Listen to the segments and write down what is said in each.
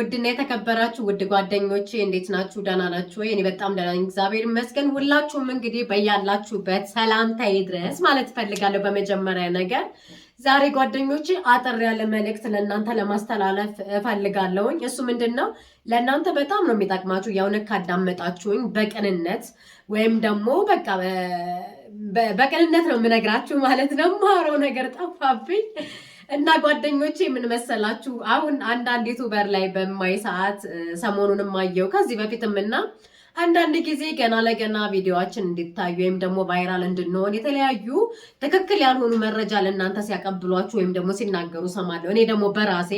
ውድና የተከበራችሁ ውድ ጓደኞቼ እንዴት ናችሁ? ደህና ናችሁ ወይ? እኔ በጣም ደህና ነኝ፣ እግዚአብሔር ይመስገን። ሁላችሁም እንግዲህ በያላችሁበት ሰላምታዬ ድረስ ማለት እፈልጋለሁ። በመጀመሪያ ነገር ዛሬ ጓደኞቼ አጠር ያለ መልእክት ለእናንተ ለማስተላለፍ እፈልጋለሁኝ። እሱ ምንድን ነው? ለእናንተ በጣም ነው የሚጠቅማችሁ የእውነት ካዳመጣችሁኝ በቅንነት ወይም ደግሞ በቃ በቅንነት ነው የምነግራችሁ ማለት ነው። ማረው ነገር ጠፋብኝ እና ጓደኞቼ የምንመሰላችሁ አሁን አንዳንድ ዩቱበር ላይ በማይ ሰዓት ሰሞኑንም አየው ከዚህ በፊትም እና አንዳንድ ጊዜ ገና ለገና ቪዲዮዎችን እንዲታዩ ወይም ደግሞ ቫይራል እንድንሆን የተለያዩ ትክክል ያልሆኑ መረጃ ለእናንተ ሲያቀብሏችሁ ወይም ደግሞ ሲናገሩ ሰማለሁ። እኔ ደግሞ በራሴ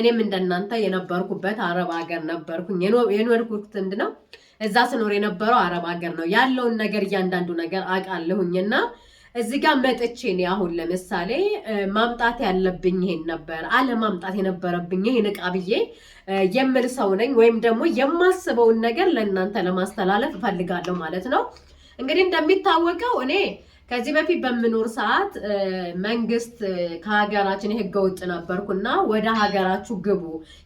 እኔም እንደናንተ የነበርኩበት አረብ ሀገር ነበርኩኝ። የኖርኩት እንድ ነው እዛ ስኖር የነበረው አረብ ሀገር ነው። ያለውን ነገር እያንዳንዱ ነገር አውቃለሁኝ እዚህ ጋር መጥቼ እኔ አሁን ለምሳሌ ማምጣት ያለብኝ ይሄን ነበር አለማምጣት የነበረብኝ ይሄን ዕቃ ብዬ የምል ሰው ነኝ፣ ወይም ደግሞ የማስበውን ነገር ለእናንተ ለማስተላለፍ እፈልጋለሁ ማለት ነው። እንግዲህ እንደሚታወቀው እኔ ከዚህ በፊት በምኖር ሰዓት መንግስት ከሀገራችን ህገወጥ ነበርኩና ወደ ሀገራችሁ ግቡ፣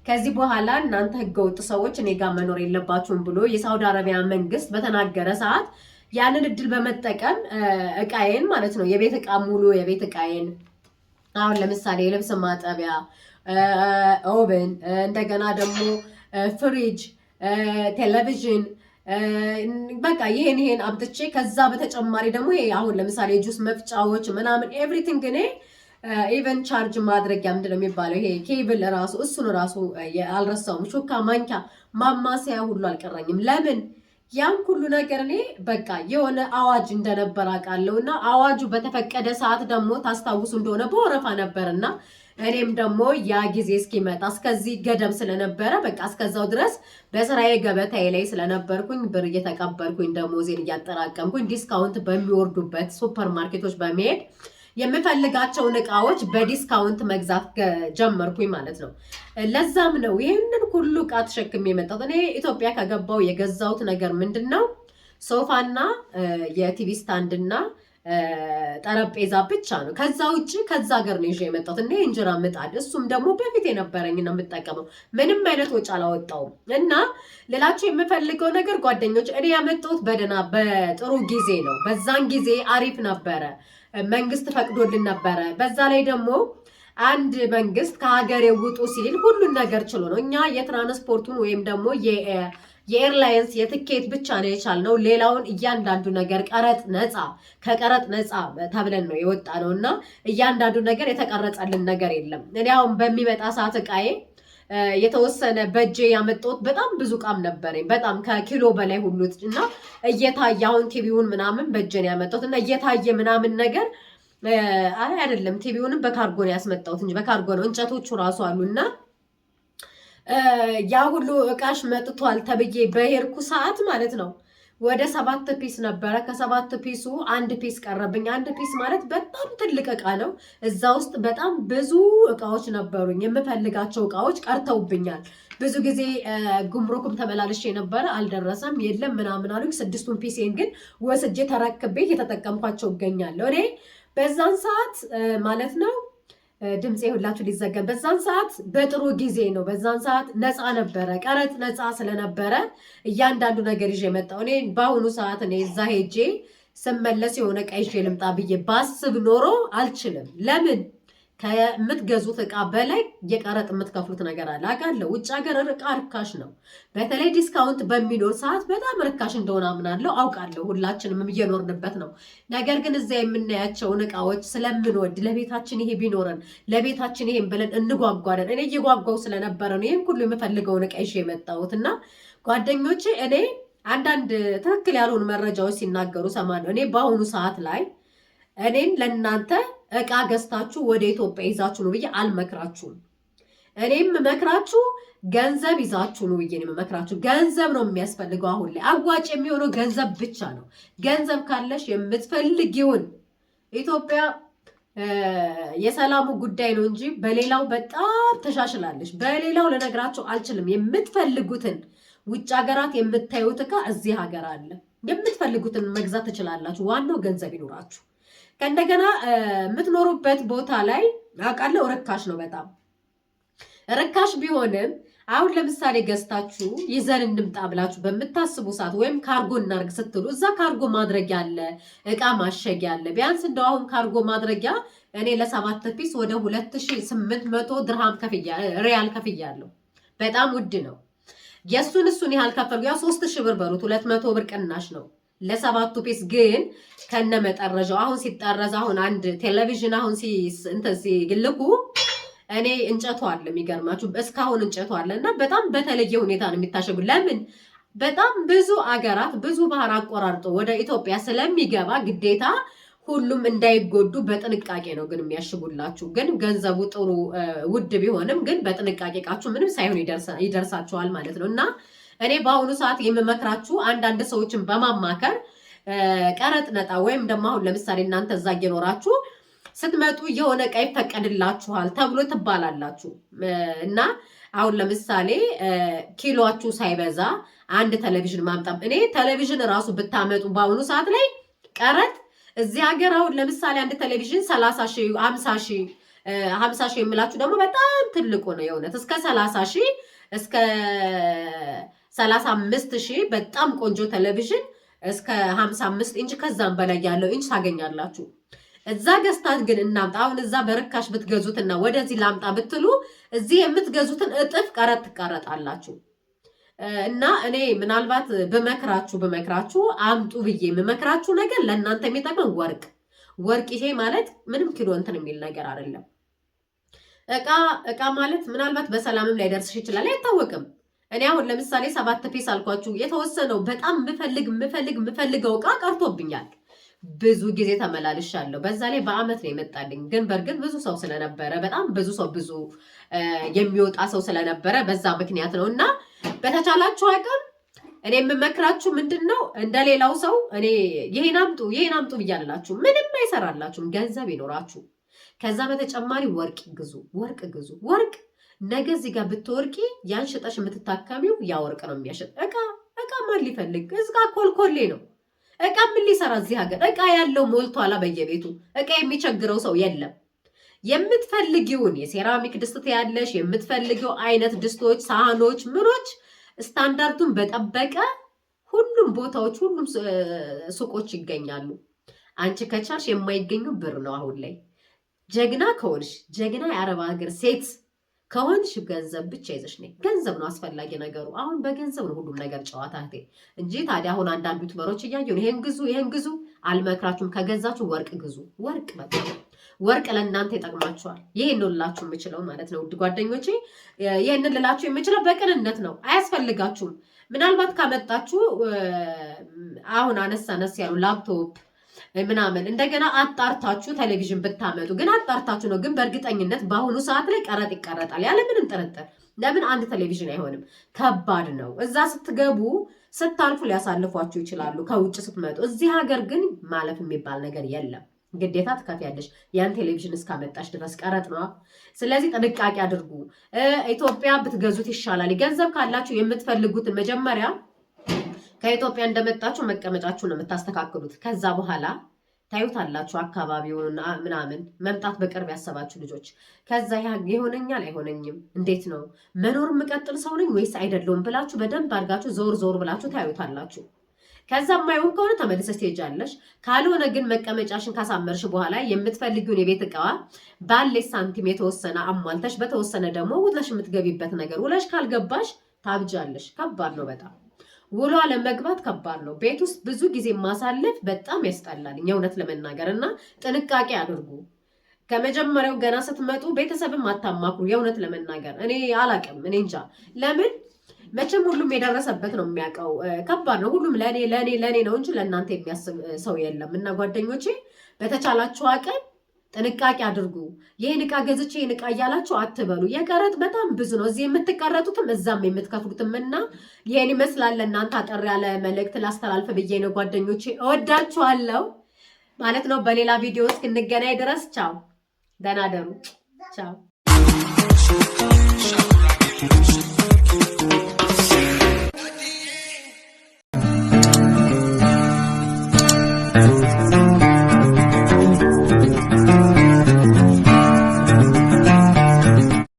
ከዚህ በኋላ እናንተ ህገወጥ ሰዎች እኔ ጋር መኖር የለባችሁም ብሎ የሳውዲ አረቢያ መንግስት በተናገረ ሰዓት ያንን እድል በመጠቀም እቃዬን ማለት ነው የቤት እቃ ሙሉ የቤት እቃዬን አሁን ለምሳሌ የልብስ ማጠቢያ፣ ኦቨን፣ እንደገና ደግሞ ፍሪጅ፣ ቴሌቪዥን በቃ ይሄን ይሄን አምጥቼ ከዛ በተጨማሪ ደግሞ ይሄ አሁን ለምሳሌ የጁስ መፍጫዎች ምናምን ኤቭሪቲንግ እኔ ኢቨን ቻርጅ ማድረጊያ ምንድን ነው የሚባለው ይሄ ኬብል ራሱ እሱን ራሱ አልረሳውም። ሹካ፣ ማንኪያ፣ ማማሰያ ሁሉ አልቀረኝም። ለምን ያም ሁሉ ነገር እኔ በቃ የሆነ አዋጅ እንደነበር አውቃለሁ እና አዋጁ በተፈቀደ ሰዓት ደግሞ ታስታውሱ እንደሆነ በወረፋ ነበር እና እኔም ደግሞ ያ ጊዜ እስኪመጣ እስከዚህ ገደም ስለነበረ በቃ እስከዛው ድረስ በስራዬ ገበታዬ ላይ ስለነበርኩኝ ብር እየተቀበልኩኝ ደግሞ ዜን እያጠራቀምኩኝ ዲስካውንት በሚወርዱበት ሱፐርማርኬቶች በመሄድ የምፈልጋቸውን እቃዎች በዲስካውንት መግዛት ጀመርኩኝ ማለት ነው። ለዛም ነው ይህንን ሁሉ እቃ ተሸክሜ የመጣሁት። እኔ ኢትዮጵያ ከገባው የገዛሁት ነገር ምንድን ነው? ሶፋና የቲቪ ስታንድና ጠረጴዛ ብቻ ነው። ከዛ ውጭ ከዛ ሀገር ነው ይዤ የመጣሁት እና የእንጀራ ምጣድ እሱም ደግሞ በፊት የነበረኝ ነው የምጠቀመው። ምንም አይነት ወጪ አላወጣውም። እና ሌላቸው የምፈልገው ነገር ጓደኞች፣ እኔ ያመጣሁት በደህና በጥሩ ጊዜ ነው። በዛን ጊዜ አሪፍ ነበረ፣ መንግስት ፈቅዶልን ነበረ። በዛ ላይ ደግሞ አንድ መንግስት ከሀገር ውጡ ሲል ሁሉን ነገር ችሎ ነው እኛ የትራንስፖርቱን ወይም ደግሞ የኤርላይንስ የትኬት ብቻ ነው የቻልነው። ሌላውን እያንዳንዱ ነገር ቀረጥ ነፃ ከቀረጥ ነፃ ተብለን ነው የወጣ ነው እና እያንዳንዱ ነገር የተቀረጸልን ነገር የለም። እኔ አሁን በሚመጣ ሰዓት እቃዬ የተወሰነ በእጄ ያመጣሁት በጣም ብዙ እቃም ነበረኝ በጣም ከኪሎ በላይ ሁሉት እና እየታየ አሁን ቲቪውን ምናምን በእጄን ያመጣሁት እና እየታየ ምናምን ነገር አይ አይደለም ቲቪውንም በካርጎ ነው ያስመጣሁት እንጂ በካርጎ ነው እንጨቶቹ ራሱ አሉና ያ ሁሉ እቃሽ መጥቷል ተብዬ በሄድኩ ሰዓት ማለት ነው ወደ ሰባት ፒስ ነበረ። ከሰባት ፒሱ አንድ ፒስ ቀረብኝ። አንድ ፒስ ማለት በጣም ትልቅ እቃ ነው። እዛ ውስጥ በጣም ብዙ እቃዎች ነበሩኝ። የምፈልጋቸው እቃዎች ቀርተውብኛል። ብዙ ጊዜ ጉምሩክም ተመላልሼ ነበረ፣ አልደረሰም፣ የለም ምናምን አሉኝ። ስድስቱን ፒሴን ግን ወስጄ ተረክቤ እየተጠቀምኳቸው እገኛለሁ። እኔ በዛን ሰዓት ማለት ነው ድምፄ ሁላችሁ ሊዘገብ በዛን ሰዓት በጥሩ ጊዜ ነው። በዛን ሰዓት ነፃ ነበረ፣ ቀረጥ ነፃ ስለነበረ እያንዳንዱ ነገር ይዤ መጣሁ። እኔ በአሁኑ ሰዓት እኔ እዛ ሄጄ ስመለስ የሆነ ቀይዤ ልምጣ ብዬ ባስብ ኖሮ አልችልም። ለምን ከምትገዙት እቃ በላይ የቀረጥ የምትከፍሉት ነገር አለ አውቃለሁ። ውጭ ሀገር እቃ ርካሽ ነው። በተለይ ዲስካውንት በሚኖር ሰዓት በጣም ርካሽ እንደሆነ አምናለሁ፣ አውቃለሁ። ሁላችንም እየኖርንበት ነው። ነገር ግን እዚያ የምናያቸውን እቃዎች ስለምንወድ ለቤታችን ይሄ ቢኖረን ለቤታችን ይሄን ብለን እንጓጓለን። እኔ እየጓጓው ስለነበረ ነው ይህም ሁሉ የምፈልገውን እቃ ይዤ የመጣሁት እና ጓደኞቼ እኔ አንዳንድ ትክክል ያልሆኑ መረጃዎች ሲናገሩ ሰማለሁ። እኔ በአሁኑ ሰዓት ላይ እኔን ለእናንተ እቃ ገዝታችሁ ወደ ኢትዮጵያ ይዛችሁ ነው ብዬ አልመክራችሁም። እኔም መክራችሁ ገንዘብ ይዛችሁ ነው ብዬ መክራችሁ። ገንዘብ ነው የሚያስፈልገው። አሁን ላይ አዋጭ የሚሆነው ገንዘብ ብቻ ነው። ገንዘብ ካለሽ የምትፈልጊውን ኢትዮጵያ የሰላሙ ጉዳይ ነው እንጂ በሌላው በጣም ተሻሽላለች። በሌላው ልነግራችሁ አልችልም። የምትፈልጉትን ውጭ ሀገራት የምታዩት እቃ እዚህ ሀገር አለ። የምትፈልጉትን መግዛት ትችላላችሁ። ዋናው ገንዘብ ይኖራችሁ። ከእንደገና የምትኖሩበት ቦታ ላይ አውቃለሁ ርካሽ ነው በጣም ርካሽ ቢሆንም አሁን ለምሳሌ ገዝታችሁ ይዘን እንምጣ ብላችሁ በምታስቡ ሰዓት ወይም ካርጎ እናርግ ስትሉ እዛ ካርጎ ማድረጊያ አለ፣ እቃ ማሸጊያ አለ። ቢያንስ እንደው አሁን ካርጎ ማድረጊያ እኔ ለሰባት ፒስ ወደ ሁለት ሺህ ስምንት መቶ ድርሃም ከፍያ ሪያል ከፍያለሁ። በጣም ውድ ነው። የእሱን እሱን ያህል ከፈልኩ። ያው ሶስት ሺህ ብር በሉት፣ ሁለት መቶ ብር ቅናሽ ነው። ለሰባቱ ፒስ ግን ከነ መጠረዣው አሁን ሲጠረዝ አሁን አንድ ቴሌቪዥን አሁን እንትን ሲግልኩ እኔ እንጨቷ አለ የሚገርማችሁ እስካሁን እንጨቷ አለ እና በጣም በተለየ ሁኔታ ነው የሚታሸጉ። ለምን በጣም ብዙ አገራት ብዙ ባህር አቆራርጦ ወደ ኢትዮጵያ ስለሚገባ ግዴታ ሁሉም እንዳይጎዱ በጥንቃቄ ነው ግን የሚያሽጉላችሁ። ግን ገንዘቡ ጥሩ ውድ ቢሆንም ግን በጥንቃቄ እቃችሁ ምንም ሳይሆን ይደርሳችኋል ማለት ነው እና እኔ በአሁኑ ሰዓት የምመክራችሁ አንዳንድ ሰዎችን በማማከር ቀረጥ ነጣ ወይም ደግሞ አሁን ለምሳሌ እናንተ እዛ እየኖራችሁ ስትመጡ የሆነ ቀይ ፈቀድላችኋል ተብሎ ትባላላችሁ እና አሁን ለምሳሌ ኪሎችሁ ሳይበዛ አንድ ቴሌቪዥን ማምጣም እኔ ቴሌቪዥን እራሱ ብታመጡ በአሁኑ ሰዓት ላይ ቀረጥ እዚህ ሀገር አሁን ለምሳሌ አንድ ቴሌቪዥን ሰላሳ ሺ አምሳ ሺ ሀምሳ ሺ የምላችሁ ደግሞ በጣም ትልቁ ነው የእውነት እስከ ሰላሳ ሺህ እስከ 35 ሺህ በጣም ቆንጆ ቴሌቪዥን እስከ 55 ኢንች ከዛም በላይ ያለው ኢንች ታገኛላችሁ። እዛ ገዝታት ግን እናምጣ አሁን እዛ በርካሽ ብትገዙትና ወደዚህ ላምጣ ብትሉ እዚህ የምትገዙትን እጥፍ ቀረጥ ትቀረጣላችሁ። እና እኔ ምናልባት ብመክራችሁ ብመክራችሁ አምጡ ብዬ የምመክራችሁ ነገር ለእናንተ የሚጠቅመን ወርቅ ወርቅ። ይሄ ማለት ምንም ኪሎ እንትን የሚል ነገር አይደለም። እቃ እቃ ማለት ምናልባት በሰላምም ላይ ደርስሽ ይችላል አይታወቅም። እኔ አሁን ለምሳሌ ሰባት ፔስ አልኳችሁ የተወሰነው በጣም ምፈልግ ምፈልግ ምፈልገው እቃ ቀርቶብኛል። ብዙ ጊዜ ተመላልሻለሁ። በዛ ላይ በአመት ነው የመጣልኝ። ግን በእርግጥ ብዙ ሰው ስለነበረ በጣም ብዙ ሰው ብዙ የሚወጣ ሰው ስለነበረ በዛ ምክንያት ነው እና በተቻላችሁ አቅም እኔ የምመክራችሁ ምንድን ነው እንደ ሌላው ሰው እኔ ይሄን አምጡ ይሄን አምጡ ብያልላችሁ ምንም አይሰራላችሁም። ገንዘብ ይኖራችሁ። ከዛ በተጨማሪ ወርቅ ግዙ፣ ወርቅ ግዙ፣ ወርቅ ነገ እዚህ ጋር ብትወርቂ ያን ሽጠሽ የምትታከሚው ያ ወርቅ ነው የሚያሸጥ። እቃ እቃ ማን ሊፈልግ እዝጋ ኮልኮሌ ነው እቃ ምን ሊሰራ እዚህ ሀገር እቃ ያለው ሞልቶ አላ በየቤቱ እቃ የሚቸግረው ሰው የለም። የምትፈልጊውን የሴራሚክ ድስት ያለሽ የምትፈልጊው አይነት ድስቶች፣ ሳህኖች፣ ምኖች ስታንዳርዱን በጠበቀ ሁሉም ቦታዎች ሁሉም ሱቆች ይገኛሉ። አንቺ ከቻልሽ የማይገኙ ብር ነው። አሁን ላይ ጀግና ከሆንሽ ጀግና የአረብ ሀገር ሴት ከሆንሽ ገንዘብ ብቻ ይዘሽ ነይ። ገንዘብ ነው አስፈላጊ ነገሩ። አሁን በገንዘብ ነው ሁሉም ነገር ጨዋታ እህቴ፣ እንጂ ታዲያ አሁን አንዳንድ ዩቱበሮች እያየሁ ይሄን ግዙ ይሄን ግዙ አልመክራችሁም። ከገዛችሁ ወርቅ ግዙ። ወርቅ በቃ ወርቅ ለእናንተ ይጠቅማችኋል። ይሄን ነው ልላችሁ የምችለው ማለት ነው ውድ ጓደኞቼ። ይህን ልላችሁ የምችለው በቅንነት ነው። አያስፈልጋችሁም። ምናልባት ካመጣችሁ አሁን አነስ አነስ ያሉ ላፕቶፕ ምናምን እንደገና አጣርታችሁ ቴሌቪዥን ብታመጡ ግን አጣርታችሁ ነው። ግን በእርግጠኝነት በአሁኑ ሰዓት ላይ ቀረጥ ይቀረጣል ያለምንም ጥርጥር። ለምን አንድ ቴሌቪዥን አይሆንም? ከባድ ነው። እዛ ስትገቡ ስታልፉ ሊያሳልፏችሁ ይችላሉ ከውጭ ስትመጡ። እዚህ ሀገር ግን ማለፍ የሚባል ነገር የለም። ግዴታ ትከፍያለሽ። ያን ቴሌቪዥን እስካመጣሽ ድረስ ቀረጥ ነዋ። ስለዚህ ጥንቃቄ አድርጉ። ኢትዮጵያ ብትገዙት ይሻላል። ገንዘብ ካላችሁ የምትፈልጉትን መጀመሪያ ከኢትዮጵያ እንደመጣችሁ መቀመጫችሁ ነው የምታስተካክሉት። ከዛ በኋላ ታዩታላችሁ አካባቢውን ምናምን መምጣት በቅርብ ያሰባችሁ ልጆች ከዛ ይሆነኛል አይሆነኝም፣ እንዴት ነው መኖር የምቀጥል ሰው ነኝ ወይስ አይደለውም ብላችሁ በደንብ አድርጋችሁ ዞር ዞር ብላችሁ ታዩታላችሁ። ከዛ የማይሆን ከሆነ ተመልሰሽ ትሄጃለሽ። ካልሆነ ግን መቀመጫሽን ካሳመርሽ በኋላ የምትፈልጊውን የቤት እቃዋ ባለሽ ሳንቲም የተወሰነ አሟልተሽ በተወሰነ ደግሞ ውለሽ የምትገቢበት ነገር ውለሽ ካልገባሽ ታብጃለሽ። ከባድ ነው በጣም ውሎ አለመግባት ከባድ ነው። ቤት ውስጥ ብዙ ጊዜ ማሳለፍ በጣም ያስጠላል እውነት ለመናገር እና ጥንቃቄ አድርጉ። ከመጀመሪያው ገና ስትመጡ ቤተሰብም አታማክሩ። የእውነት ለመናገር እኔ አላቅም፣ እኔ እንጃ ለምን መቼም ሁሉም የደረሰበት ነው የሚያውቀው። ከባድ ነው። ሁሉም ለእኔ ለእኔ ለእኔ ነው እንጂ ለእናንተ የሚያስብ ሰው የለም እና ጓደኞቼ በተቻላችሁ አቅም ጥንቃቄ አድርጉ። ይህን እቃ ገዝቼ ይህን እቃ እያላችሁ አትበሉ። የቀረጥ በጣም ብዙ ነው። እዚህ የምትቀረጡትም እዛም የምትከፍሉትም እና ይህን ይመስላል። እናንተ አጠር ያለ መልእክት ላስተላልፍ ብዬ ነው። ጓደኞቼ እወዳችኋለሁ ማለት ነው። በሌላ ቪዲዮ እስክንገናኝ ድረስ ቻው፣ ደህና ደሩ። ቻው